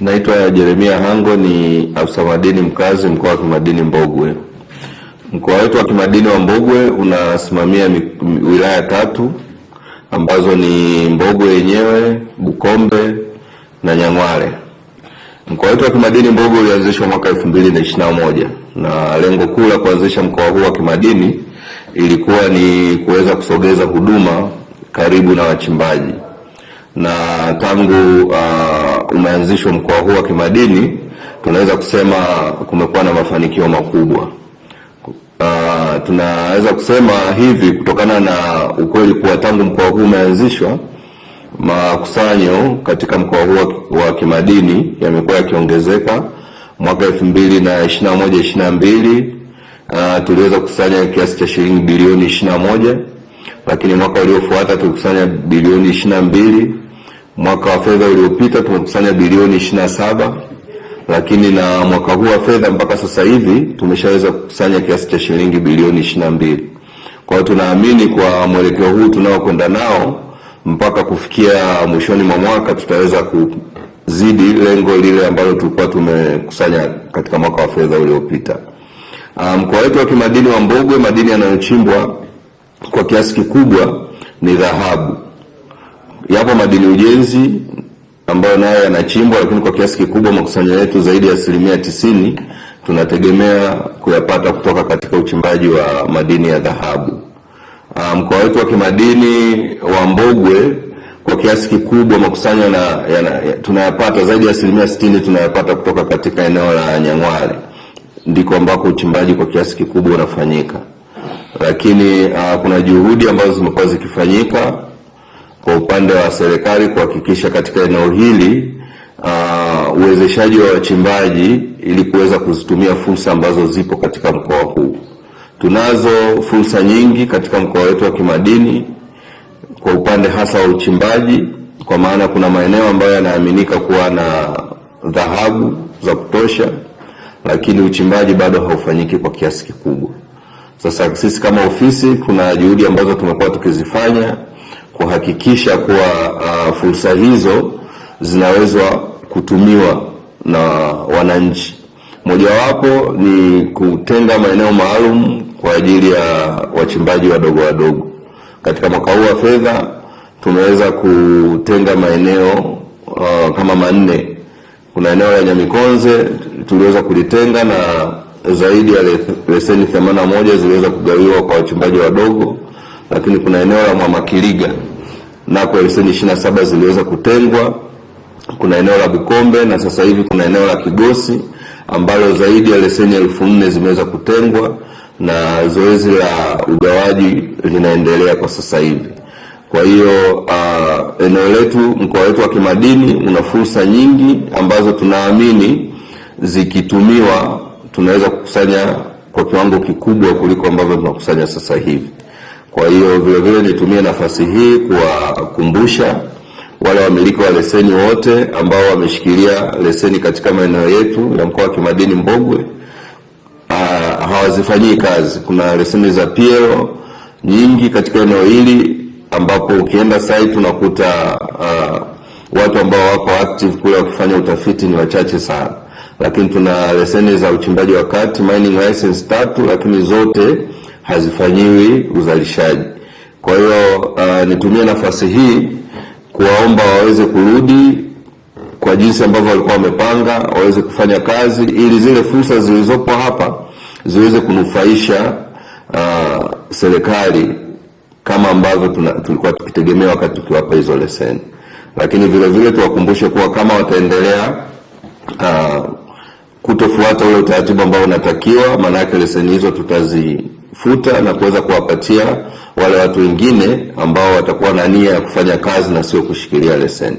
Naitwa Jeremia Hango, ni afisa madini mkazi mkoa wa Kimadini Mbogwe. Mkoa wetu wa Kimadini wa Mbogwe unasimamia wilaya tatu ambazo ni Mbogwe yenyewe, Bukombe na Nyang'wale. Mkoa wetu wa Kimadini Mbogwe ulianzishwa mwaka 2021 na lengo kuu la kuanzisha mkoa huu wa Kimadini ilikuwa ni kuweza kusogeza huduma karibu na wachimbaji na tangu uh, umeanzishwa mkoa huu wa kimadini, tunaweza kusema kumekuwa na mafanikio makubwa. Uh, tunaweza kusema hivi kutokana na ukweli kuwa tangu mkoa huu umeanzishwa, makusanyo katika mkoa huu wa kimadini yamekuwa yakiongezeka. Mwaka elfu mbili na ishirini na moja ishirini na mbili uh, tuliweza kukusanya kiasi cha shilingi bilioni ishirini na moja lakini mwaka uliofuata tulikusanya bilioni ishirini na mbili Mwaka wa fedha uliopita tumekusanya bilioni ishirini na saba lakini na mwaka huu wa fedha mpaka sasa hivi tumeshaweza kukusanya kiasi cha shilingi bilioni ishirini na mbili. Kwa hiyo tunaamini kwa mwelekeo huu tunaokwenda nao mpaka kufikia mwishoni mwa mwaka tutaweza kuzidi lengo lile ambalo tulikuwa tumekusanya katika mwaka wa fedha uliopita. Ah, mkoa um, wetu wa kimadini wa Mbogwe, madini yanayochimbwa kwa kiasi kikubwa ni dhahabu. Yapo madini ujenzi ambayo nayo yanachimbwa, lakini kwa kiasi kikubwa makusanyo yetu zaidi ya asilimia tisini tunategemea kuyapata kutoka katika uchimbaji wa madini ya dhahabu. Ah, mkoa um, wetu wa kimadini wa Mbogwe kwa kiasi kikubwa makusanyo tunayapata zaidi ya asilimia sitini tunayapata kutoka katika eneo la Nyang'hwale, ndiko ambako uchimbaji kwa kiasi kikubwa unafanyika, lakini uh, kuna juhudi ambazo zimekuwa zikifanyika kwa upande wa serikali kuhakikisha katika eneo hili uh, uwezeshaji wa wachimbaji ili kuweza kuzitumia fursa ambazo zipo katika mkoa huu. Tunazo fursa nyingi katika mkoa wetu wa kimadini kwa upande hasa wa uchimbaji, kwa maana kuna maeneo ambayo yanaaminika kuwa na dhahabu za kutosha, lakini uchimbaji bado haufanyiki kwa kiasi kikubwa. Sasa sisi kama ofisi, kuna juhudi ambazo tumekuwa tukizifanya kuhakikisha kuwa uh, fursa hizo zinawezwa kutumiwa na wananchi. Mojawapo ni kutenga maeneo maalum kwa ajili ya wachimbaji wadogo wadogo. Katika mwaka huu wa fedha tumeweza kutenga maeneo uh, kama manne. Kuna eneo la Nyamikonze tuliweza kulitenga na zaidi ya leseni 81 ziliweza kugawiwa kwa wachimbaji wadogo lakini kuna eneo la Mwamakiriga nako leseni ishirini na saba ziliweza kutengwa. Kuna eneo la Bukombe na sasa hivi kuna eneo la Kigosi ambalo zaidi ya leseni elfu nne zimeweza kutengwa na zoezi la ugawaji linaendelea kwa sasa hivi. Kwa hiyo uh, eneo letu mkoa wetu wa Kimadini una fursa nyingi ambazo tunaamini zikitumiwa tunaweza kukusanya kwa kiwango kikubwa kuliko ambavyo tunakusanya sasa hivi. Kwa hiyo vilevile nitumie nafasi hii kuwakumbusha wale wamiliki wa leseni wote ambao wameshikilia leseni katika maeneo yetu ya mkoa wa Kimadini Mbogwe ah, hawazifanyii kazi. Kuna leseni za PLO nyingi katika eneo hili ambapo ukienda site unakuta uh, watu ambao wako active kule wakifanya utafiti ni wachache sana, lakini tuna leseni za uchimbaji wa kati mining license tatu, lakini zote hazifanyiwi uzalishaji. Kwa hiyo uh, nitumie nafasi hii kuwaomba waweze kurudi kwa jinsi ambavyo walikuwa wamepanga, waweze kufanya kazi ili zile fursa zilizopo hapa ziweze kunufaisha uh, serikali kama ambavyo tulikuwa tukitegemea wakati tukiwapa hizo leseni, lakini vile vile tuwakumbushe kuwa kama wataendelea uh, kutofuata ule utaratibu ambao unatakiwa, maanake leseni hizo tutazifuta na kuweza kuwapatia wale watu wengine ambao watakuwa na nia ya kufanya kazi na sio kushikilia leseni.